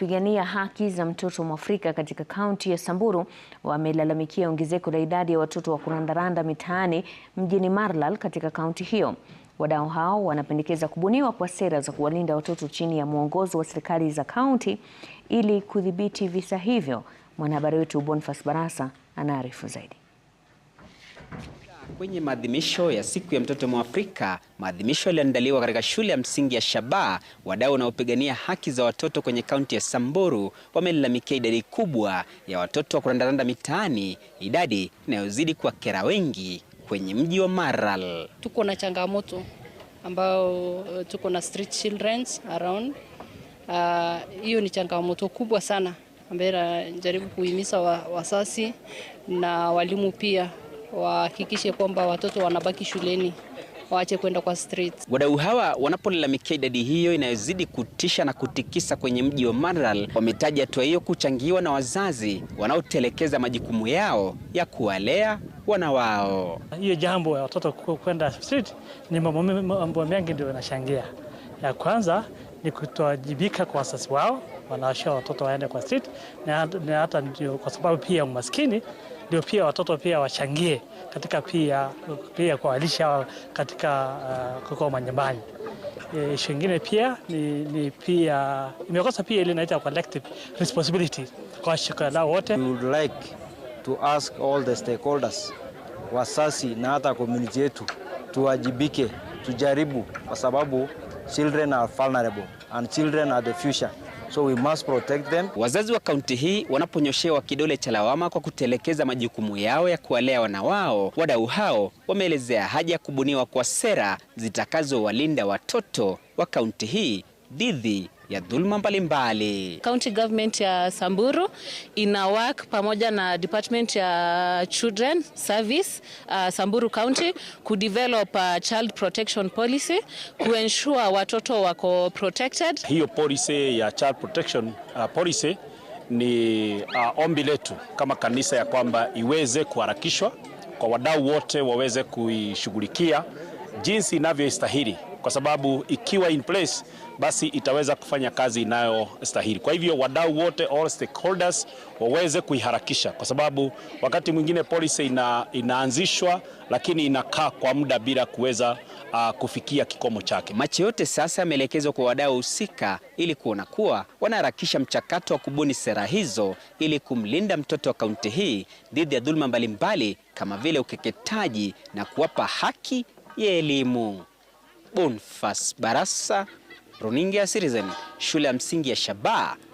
kupigania haki za mtoto Mwafrika katika kaunti ya Samburu wamelalamikia ongezeko la idadi ya watoto wa kurandaranda mitaani mjini Marlal katika kaunti hiyo. Wadau hao wanapendekeza kubuniwa kwa sera za kuwalinda watoto chini ya mwongozo wa serikali za kaunti ili kudhibiti visa hivyo. Mwanahabari wetu Bonfas Barasa anaarifu zaidi. Kwenye maadhimisho ya siku ya mtoto Mwafrika, maadhimisho yaliandaliwa katika shule ya msingi ya shaba wadau wanaopigania haki za watoto kwenye kaunti ya Samburu wamelalamikia idadi kubwa ya watoto wa kurandaranda mitaani, idadi inayozidi kwa kera wengi kwenye mji wa Maralal. Tuko na changamoto ambao eh, tuko na street children around ah, hiyo, uh, ni changamoto kubwa sana ambayo inajaribu kuhimiza wasasi na walimu pia wahakikishe kwamba watoto wanabaki shuleni waache kwenda kwa street. Wadau hawa wanapolalamikia idadi hiyo inayozidi kutisha na kutikisa kwenye mji wa Maralal, wametaja hatua hiyo kuchangiwa na wazazi wanaotelekeza majukumu yao ya kuwalea wana wao. Hiyo jambo ya watoto kwenda street ni mambo mengi ndio yanachangia. Ya kwanza ni kutowajibika kwa wazazi wao wanaashia watoto waende kwa street, na hata ndio kwa sababu pia umaskini ndio pia watoto pia wachangie katika pia pia kuwalisha katika uh, kwa manyumbani. E, ishu ingine pia ni, ni pia imekosa pia ile inaita collective responsibility kwa shikadau wote. We would like to ask all the stakeholders, wasasi na hata community yetu tuwajibike, tujaribu, kwa sababu children are vulnerable and children are the future. So we must protect them. Wazazi wa kaunti hii wanaponyoshewa kidole cha lawama kwa kutelekeza majukumu yao ya kuwalea wana wao, wadau hao wameelezea haja ya kubuniwa kwa sera zitakazowalinda watoto wa kaunti hii dhidi ya dhulma mbalimbali. County government ya Samburu ina work pamoja na department ya children service uh, Samburu County develop a uh, child protection policy ensure watoto wako protected. Hiyo policy ya child protection uh, policy ni uh, ombi letu kama kanisa ya kwamba iweze kuharakishwa kwa wadau wote waweze kuishughulikia jinsi inavyostahili kwa sababu ikiwa in place basi itaweza kufanya kazi inayostahili. Kwa hivyo wadau wote, all stakeholders, waweze kuiharakisha, kwa sababu wakati mwingine policy ina, inaanzishwa lakini inakaa kwa muda bila kuweza uh, kufikia kikomo chake. Macho yote sasa yameelekezwa kwa wadau husika ili kuona kuwa wanaharakisha mchakato wa kubuni sera hizo ili kumlinda mtoto wa kaunti hii dhidi ya dhuluma mbalimbali kama vile ukeketaji na kuwapa haki ya elimu. Bonfas Barasa, runinga ya Citizen, shule ya msingi ya Shabaa.